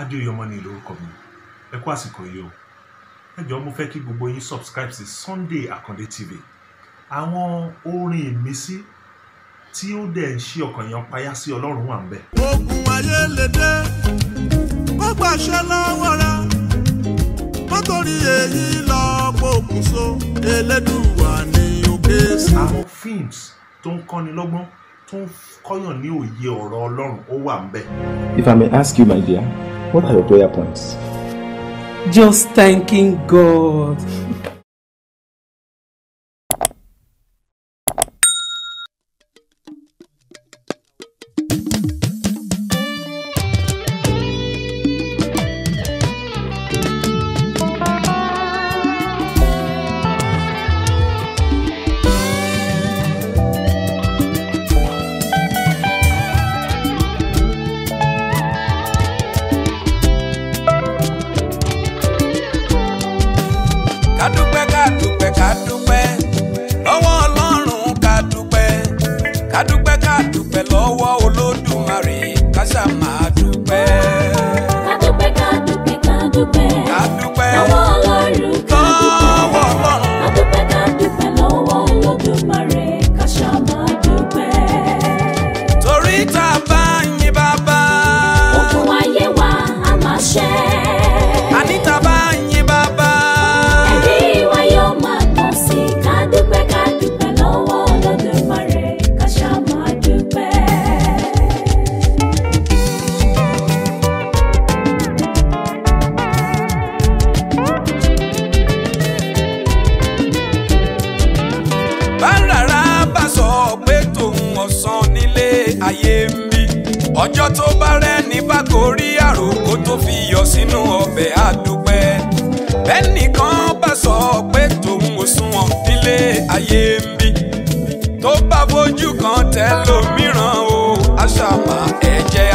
adéyọmọ ni lórúkọ mi ẹ kú àsìkò yìí o ẹ jọ̀ọ́ mo fẹ́ kí gbogbo yín subscribe sí Sunday Akande TV àwọn orin ìmísí tí ó dẹ̀ ń ṣí ọkàn yẹn payá sí ọlọ́run wà ń bẹ̀. ogun ayé lè dé kó gbàṣẹ lọ́wọ́ rẹ nítorí èyí lọ pokùnso elédùnwà ní òkè sí. àwọn films tó ń kọ́ni lọ́gbọ́n tó ń kọ́yàn ní òye ọ̀rọ̀ ọlọ́run ó wà ń bẹ̀. If I may ask you my dear. What are your prayer points? Just thanking God.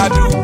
abriu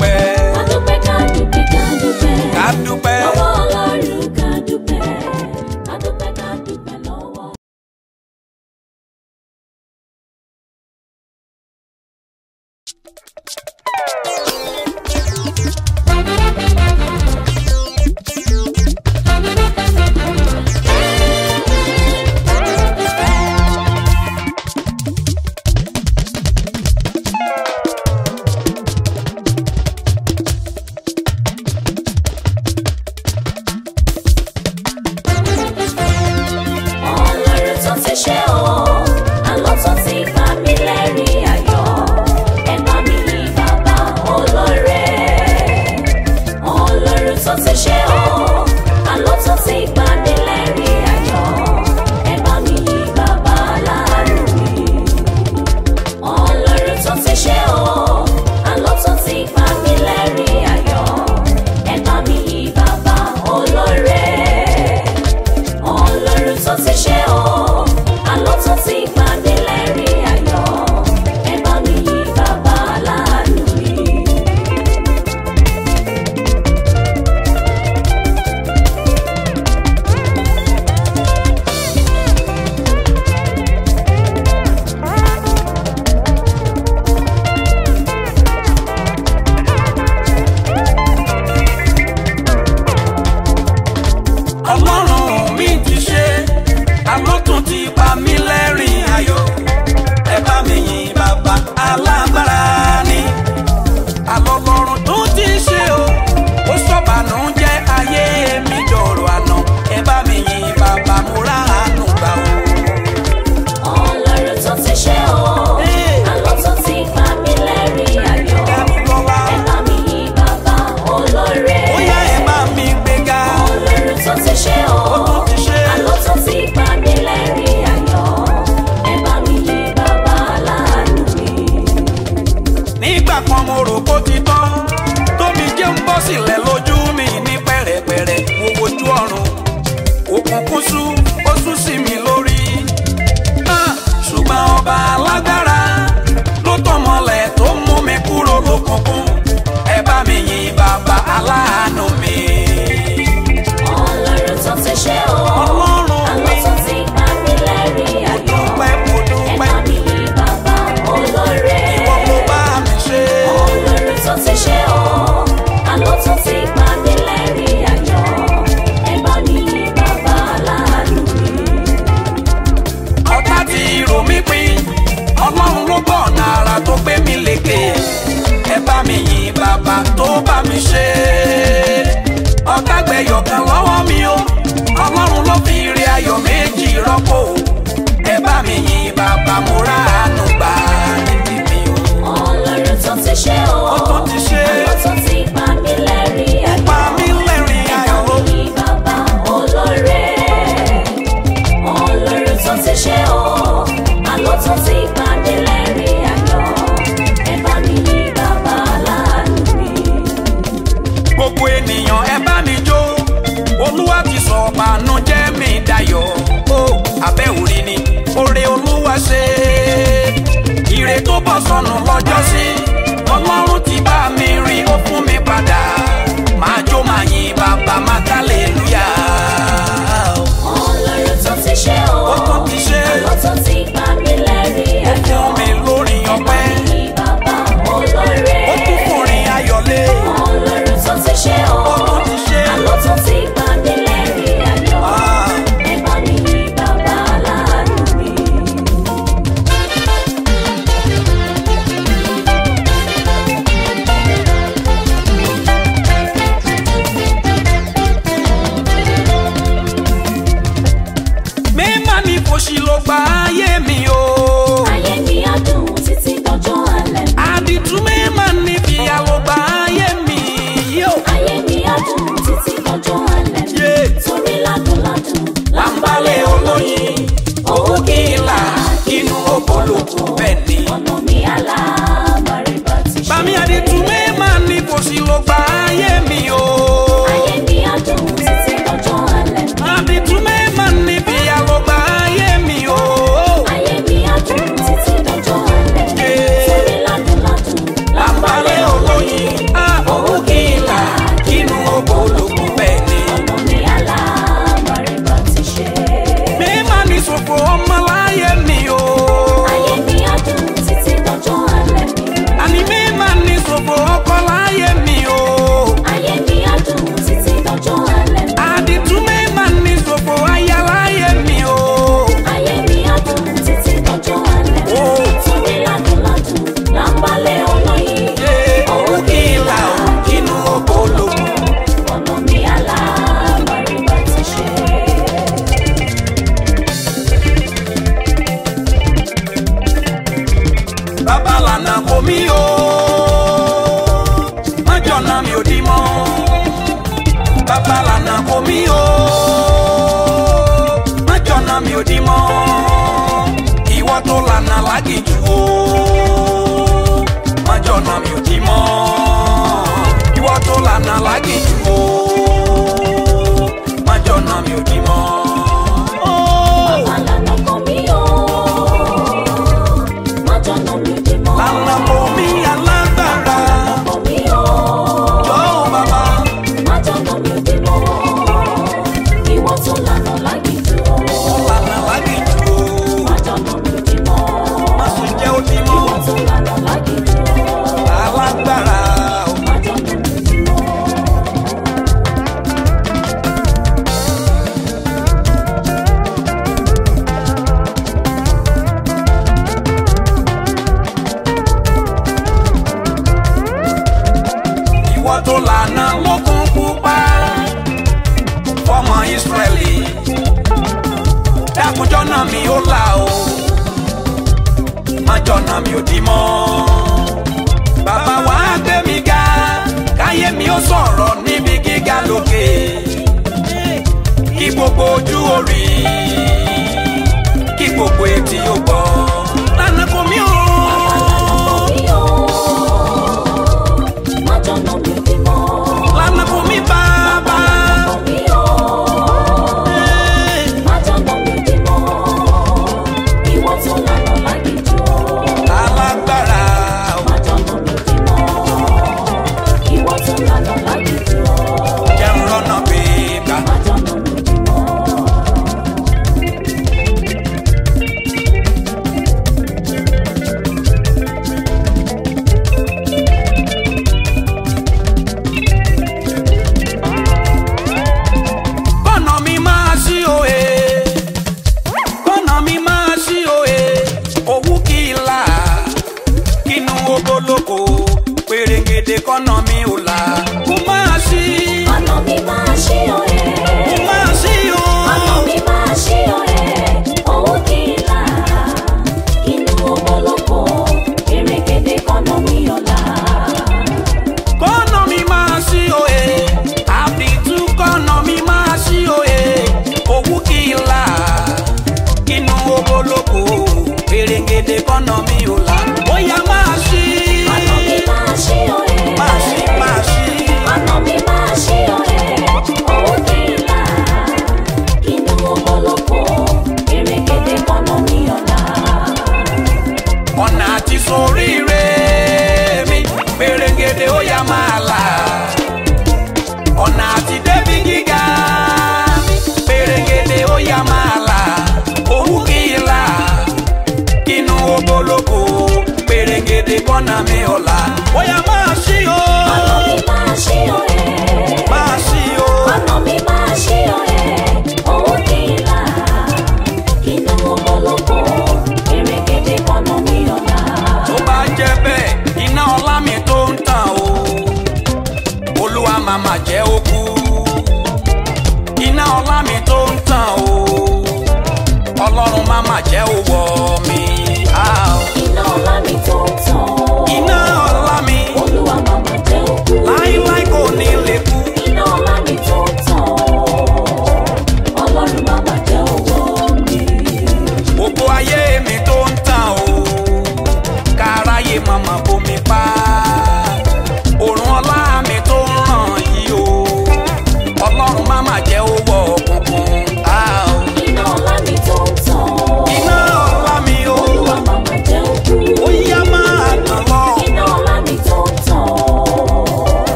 bànújẹ́ mi dayọ̀ ó abẹ́ òrì ni oore olúwa ṣe ire tó bọ́ sọnù lọ́jọ́ sí ọlọ́run ti bá mi rí ó fún mi padà. Ben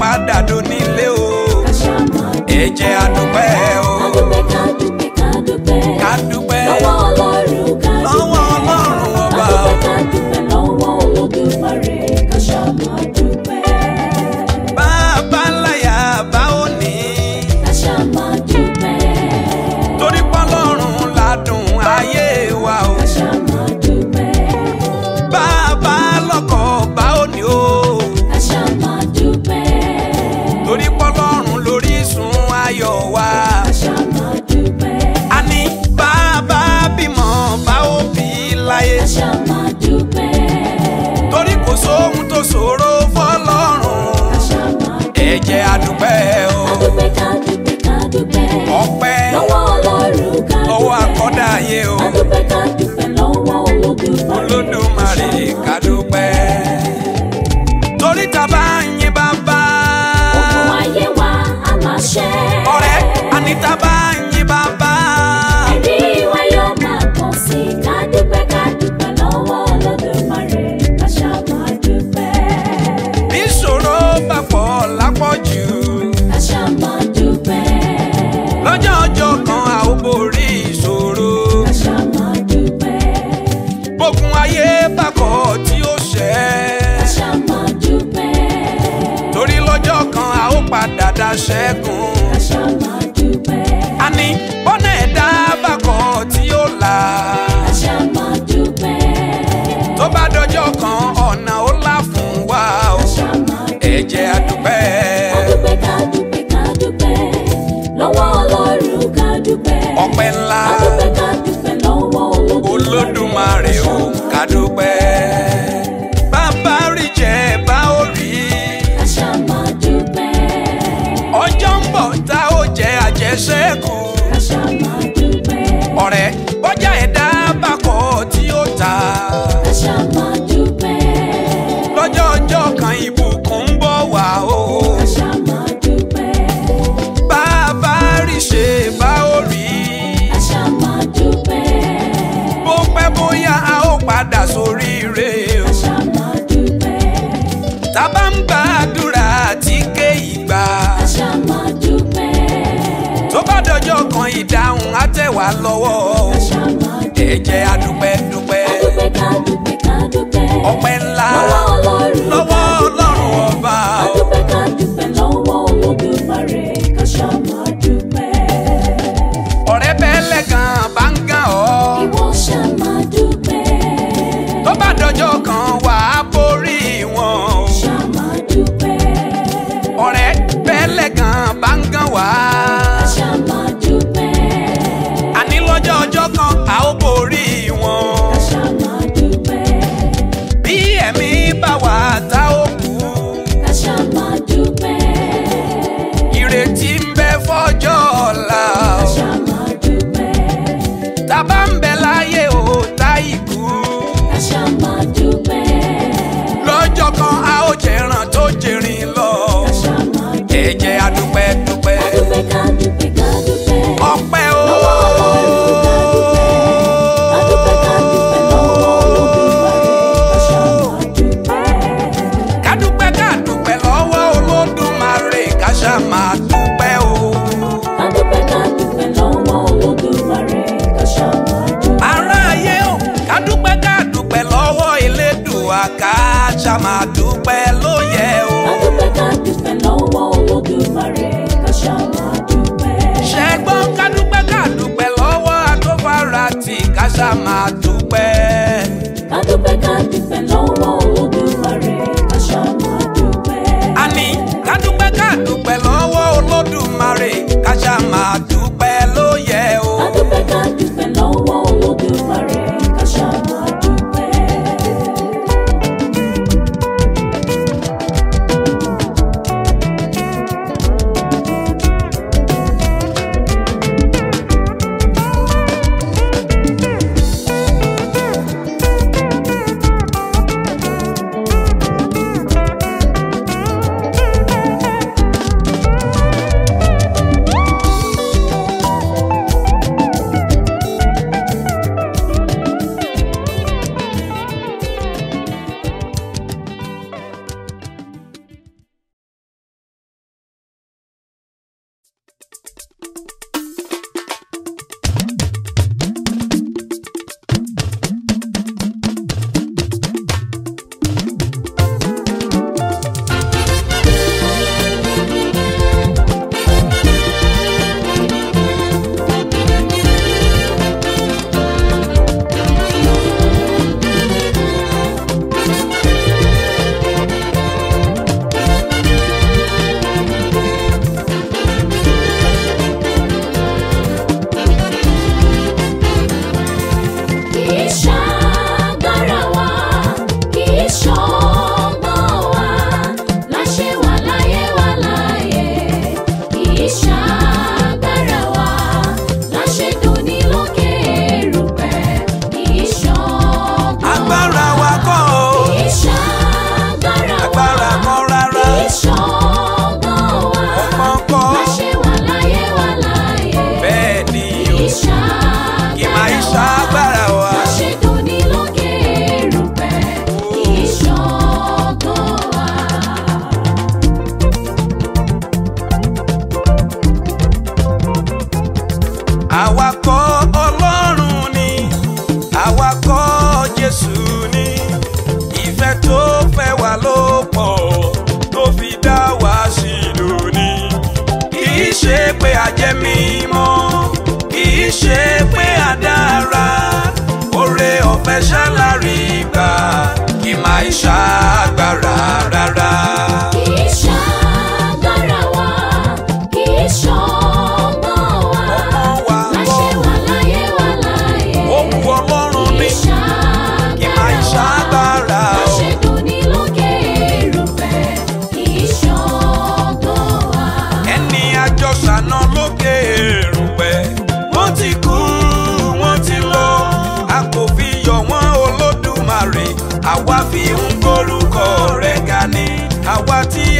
padà donílé o. ẹ jẹ́ olódùmarè ká chegou. chego gbà lọ́wọ́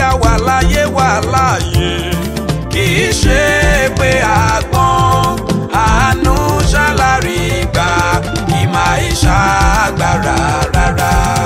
a wà láyé wà láàyè kì í ṣe pé àgbọn àánú ṣàlàrí gbà kì máa ń ṣàgbára rárá.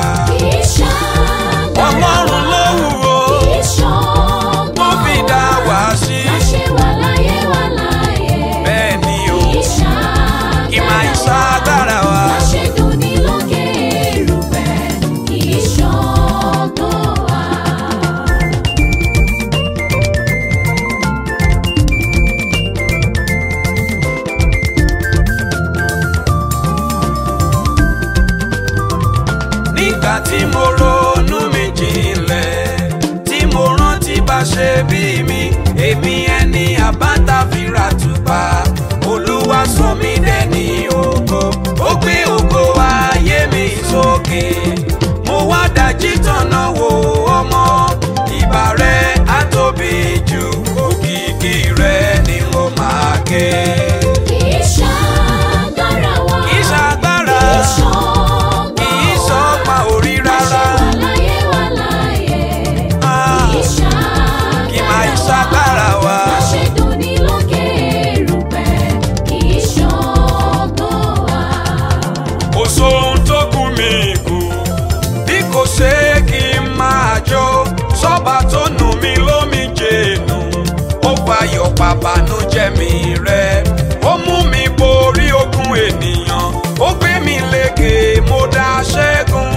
lókè. kì í ṣàgbára wa. kì wa láàyè. kì í ṣàgbára. kì í máa ṣàgbára wa. aṣèdùnní lókè erùpẹ̀ kì í ṣọ́gbọ́n wa. sọ́ba tó nù mí lókè pàbànújẹ́ mi rẹ́ ó mú mi borí ogun ènìyàn ó gbé mi lékè mo dá ṣẹ́gun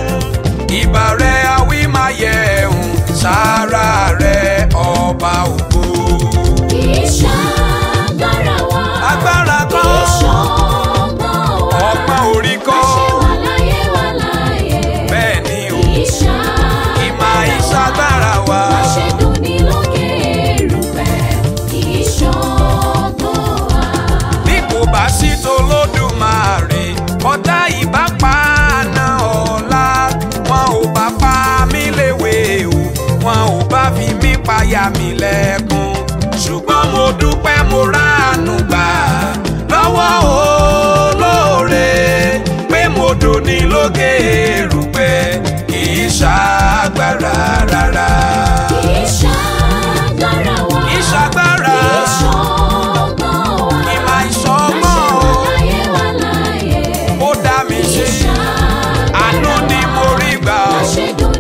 ìbà rẹ awí máa yẹ ẹ̀hún sára rẹ ọba ògo. kì í ṣe agbára wa. agbára. ọ̀tá ìbápa àná ọ̀la wọn ò bá pa mí léwe o wọn ò bá fi mí payà mí lẹ́kùn ṣùgbọ́n mo dúpẹ́ mo ráàánú gbà lọ́wọ́ olóore pé mo dòní lókè èrùpẹ̀ kì í ṣàgbára rárá. kì í ṣàgbára wá. kì í ṣàgbára. ṣe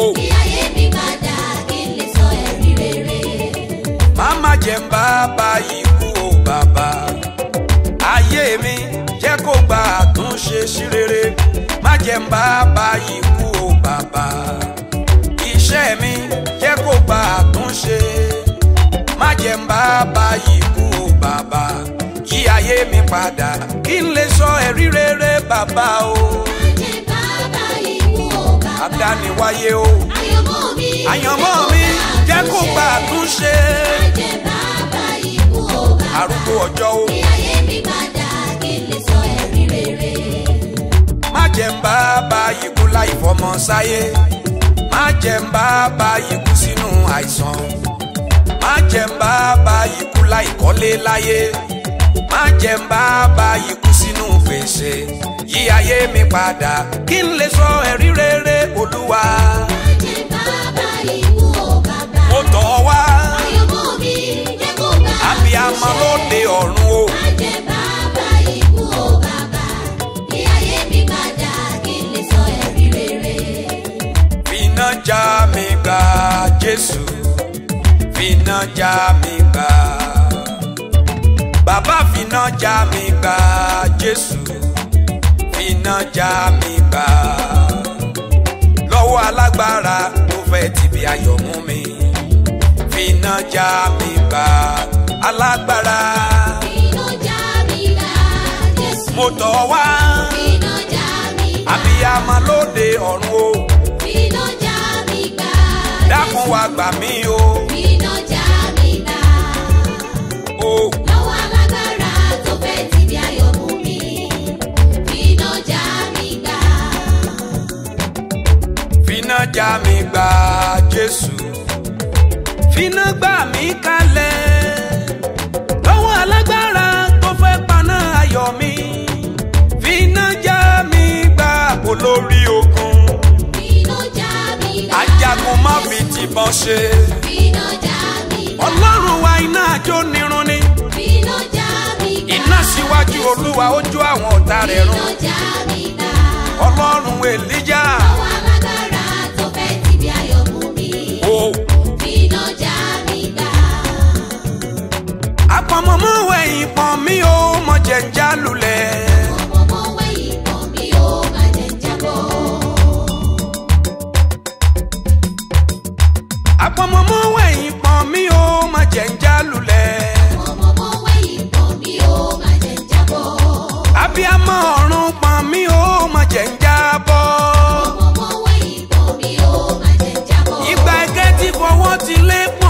o. kí ayé mi n bá bá ikú o bàbá. ayé mi jẹ́ kó gba àtúnṣe sí rere. bá ikú o bàbá. iṣẹ́ mi jẹ́ kó gba àtúnṣe. má bá ikú o bàbá. yí ayé mi padà kí n lè sọ ẹ̀rí rere bàbá o. Oh àdáni wáyé o. àyànmọ́ mi àyànmọ́ mi jẹ́ kó gba àtúnṣe. má jẹ́ bàbá ikú ọba. arúgbó ọjọ́ o. bí ayé mi bá dà ikú láì fọmọ sáyé. má jẹ́ bàbá ikú sínú àìsàn. má jẹ́ bàbá ikú láì kọ́lé láyé. má jẹ́ bàbá ikú nínú gbèsè yí ayé mi padà kí n lè sọ ẹ̀rí rere olúwa. mo tọ̀ ọ́ wá abiyamọ lóde ọ̀run o. finá já mi gba Jésù finá já mi. Baba finá já mi gbà jésù finá já mi gbà lọ́wọ́ alágbára tó fẹ́ tìbí ayọ̀ mú mi finá já mi gbà alágbára finá já mi gbà jésù mo tọ̀ wá finá já mi gbà abiyamọ lóde ọ̀run o finá já mi gbà jésù dákun wá gbà mí o finá. ajá mi gba Jésù finá gbà mí kalẹ̀ lọ́wọ́ alágbára tó fẹ́ paná ayọ̀ mi finá já mi gba olórí ogun ajagun má fi tìbọn ṣe ọlọ́run wa iná àjò nírun ni iná síwájú olúwa ó jó àwọn ọ̀tá rẹ̀ run ọlọ́run èlíjà. mọ̀mọ́ wẹ̀yìn pọ̀n mi ò mọ jẹ̀ǹjà lulẹ̀. mọ̀mọ́ wẹ̀yìn pọ̀n mi ò má jẹ̀ǹjà bọ̀. àpọ̀mọ̀mọ́ wẹ̀yìn pọ̀n mi ò má jẹ̀ǹjà lulẹ̀. àpọ̀mọ̀mọ́ wẹ̀yìn pọ̀n mi ò má jẹ̀ǹjà bọ̀. abiyamọ ìgbà ẹgẹ́ ti fọwọ́ ti lé pọ̀.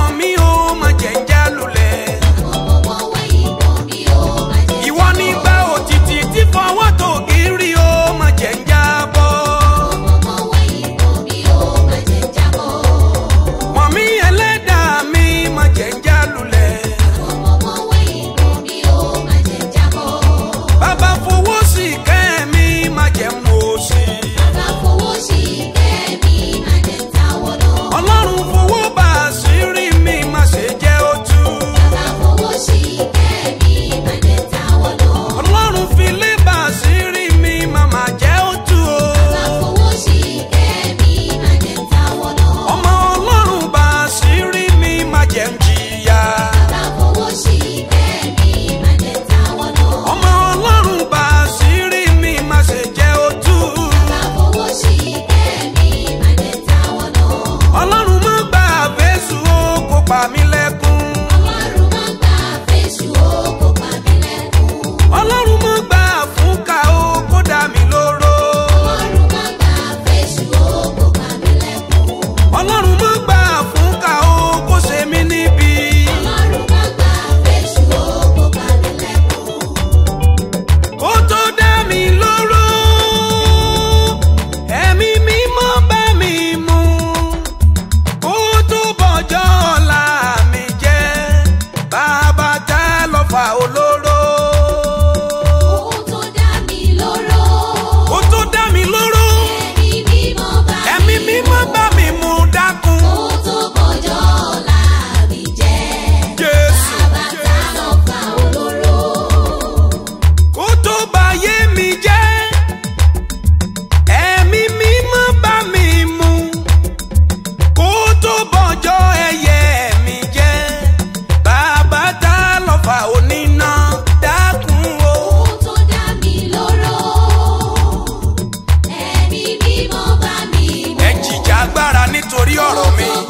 nítorí ọ̀rọ̀ mi.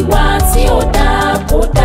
ìwà tí ó dáa kó dáa.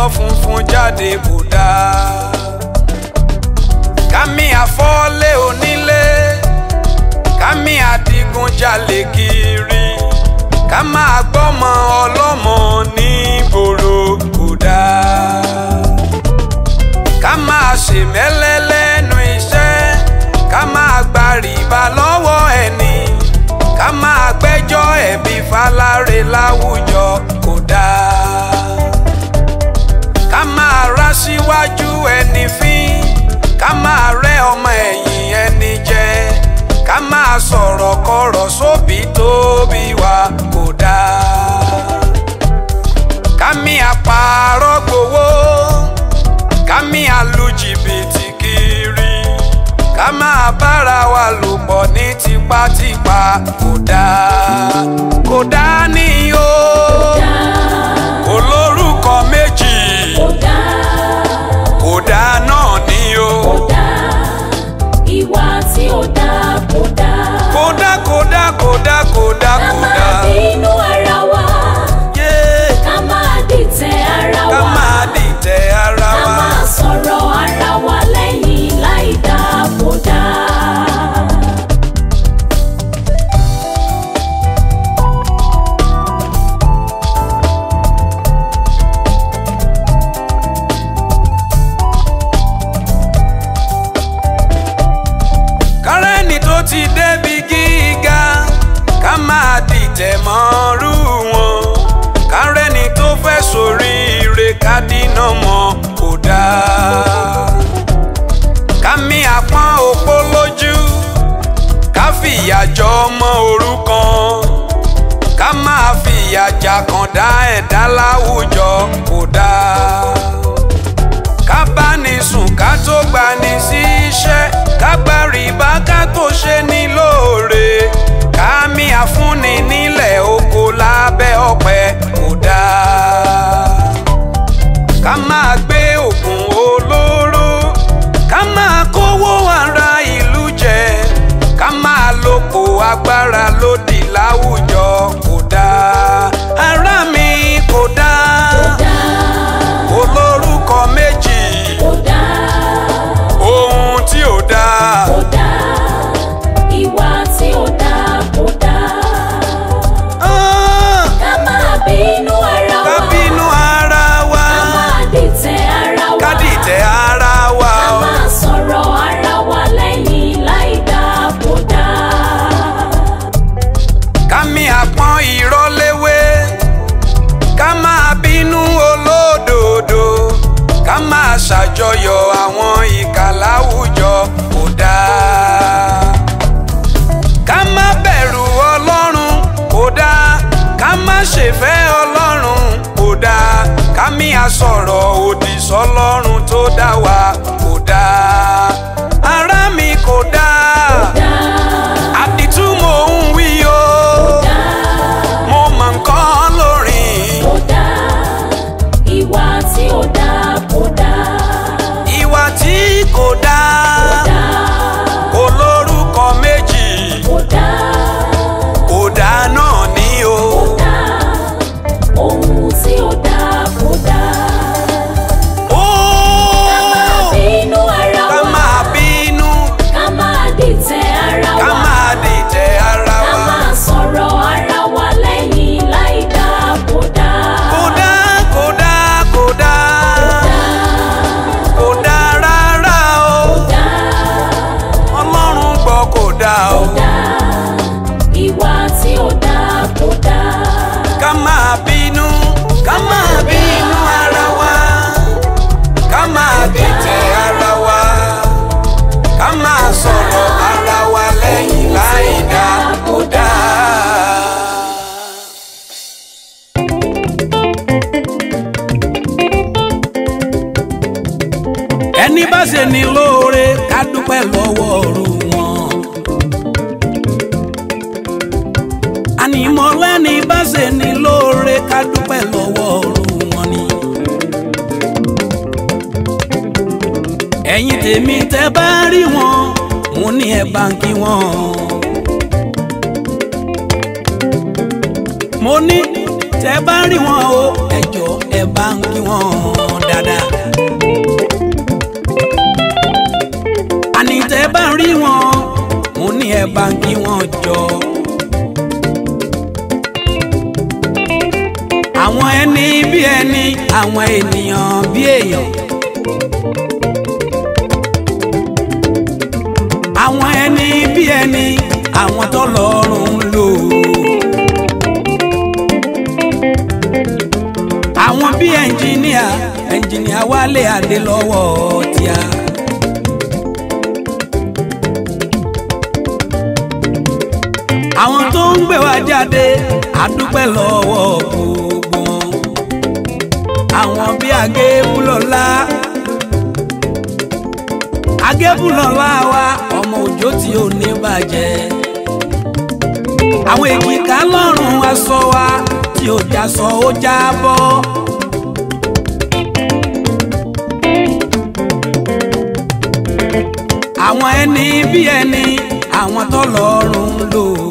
yọ funfun jáde kò dáa. kámi àfọ́lé onílé kámi àdigunjalè kiri ká máa gbọ́mọ ọlọ́mọ nígboro kò dáa. ká máa ṣèmẹ́lẹ́ lẹ́nu iṣẹ́ ká máa gba rìbá lọ́wọ́ ẹni ká máa gbẹ́jọ́ ẹ̀bi faláre láwùjọ kò dáa ká máa rá síwájú ẹni fín ká máa rẹ ọmọ ẹ̀yìn ẹni jẹ ká máa sọ̀rọ̀ kọ̀rọ̀ sóbì tóbi wa kò dáa ká mi àpárọ̀ gbowó ká mi àlù jìbìtì kiri ká máa bára wa lò pọ̀ ní tipátipá kò dáa. da ìyàjà kan dá ẹ̀dá láwùjọ kò dáa. ká bá ní sùn ká tó gbà ní sí iṣẹ́ ká gbà rìbá ká tó ṣe ní lóore ká mí àfúnni ní solo ṣe ni lóore ká dúpẹ́ lọ́wọ́ ọ̀rù wọn. ànìmọ́lẹ́ni bá ṣe ni lóore ká dúpẹ́ lọ́wọ́ ọ̀rù wọn ni. ẹ̀yin tèmi tẹ́ bá rí wọn mo ní ẹ̀ bá ń kí wọn. mo ní tẹ́ bá rí wọn o ẹ ẹ bá ń kí wọn dáadáa. kí wọn mo ní ẹ bá ń kí wọn jọ. àwọn ẹni bí ẹni àwọn ènìyàn bí èèyàn. àwọn ẹni bí ẹni àwọn tọ́lọ́run ń lò. àwọn bí ẹnjìníà ẹnjìníà Wálé Adélọ́wọ̀ tíá. ń gbé wa jáde àdúpẹ́ lọ́wọ́ gbogbo àwọn bíi agébúlọ́lá agébúlọ́lá wa ọmọ òjò tí ò ní bàjẹ́. àwọn èjìká lọ́rùn aṣọ wa tí ò já sọ ó já bọ́. àwọn ẹni bí ẹni àwọn tọ́lọ́run lò ó.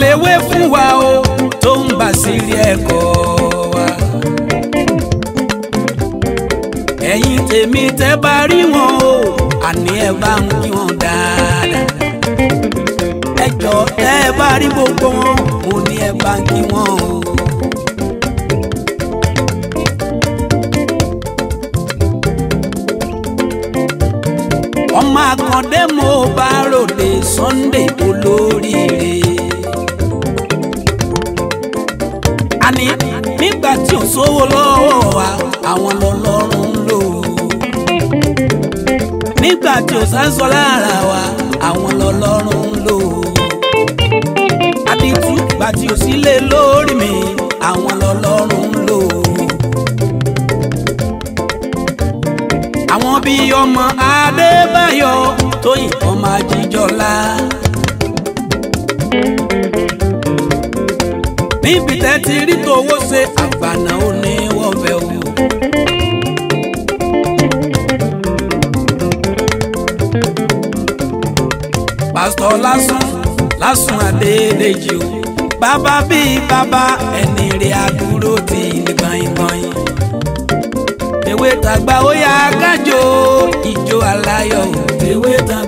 léwé fún wa o tó ń bà sírí ẹ̀kọ́ wa. ẹ̀yin tèmi tẹ́ bá rí wọn o àní ẹ bá ń kí wọn dáadáa. ẹ jọ tẹ́ ẹ bá rí gbogbo wọn mo ní ẹ bá ń kí wọn o. ọmọ àkàndé mo bá ròde Sunday olóríire. nígbà tí ò sówó lọ́wọ́ wa àwọn lọ́lọ́run ń lò ó nígbà tí ò sáńsọ lára wa àwọn lọ́lọ́run ń lò ó àbítú gbà tí ò sílé lórí mi àwọn lọ́lọ́run ń lò ó àwọn bíi ọmọ Adébáyọ̀ Tóyìn ọmọ Ajíjọlá. níbi tẹ́ ti rí tòwó ṣe ìbànà ó ní wọ́ọ̀fẹ́ o. pásítọ̀ lásán lásán adédèjì o Baba bi baba, ẹni rẹ̀ àdúró ti ní gbọ̀nyìngbọ̀nyìn. ewé tàgbà ó yá kájọ ìjó aláyọ̀ ewé tàgbà.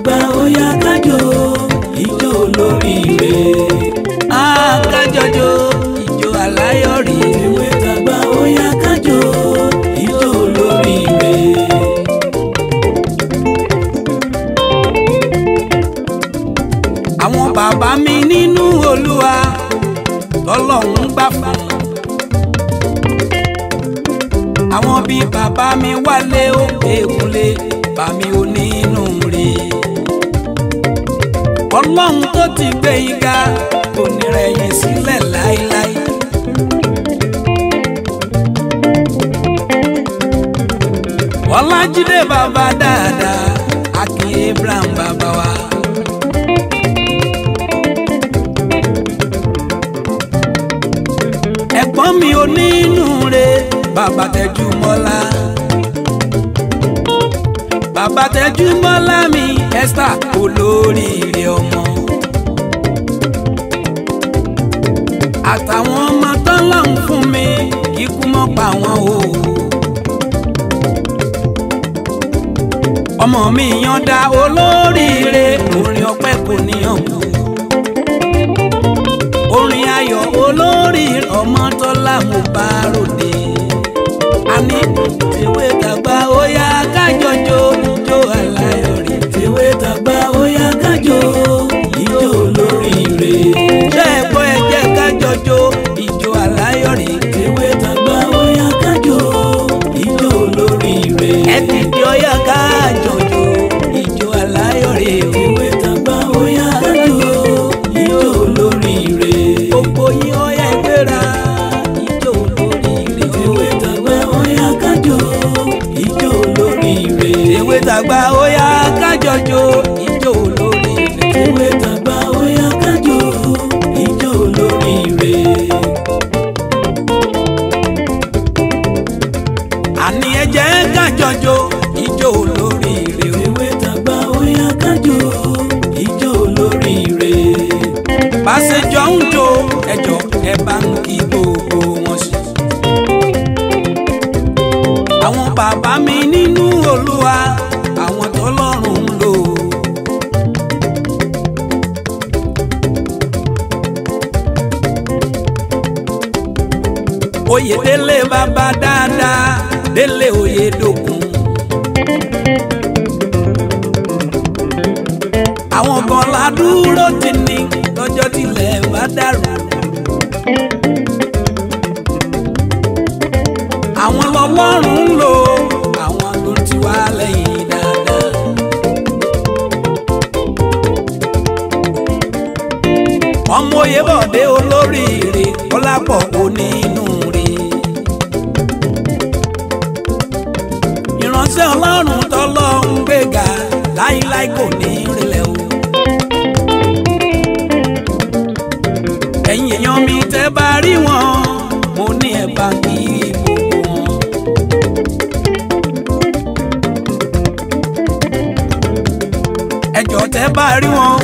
tẹ́ bá rí wọn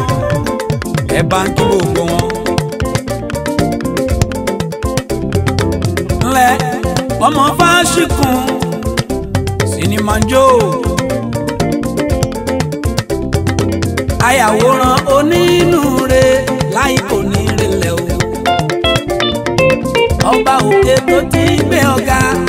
ẹ bá ń kí gbogbo wọn. ńlẹ̀ ọmọ fásikùn sinimá jó ayàwòrán onínúure láì kò ní relẹ̀ o ọba òkè tó ti gbé ọ̀gá.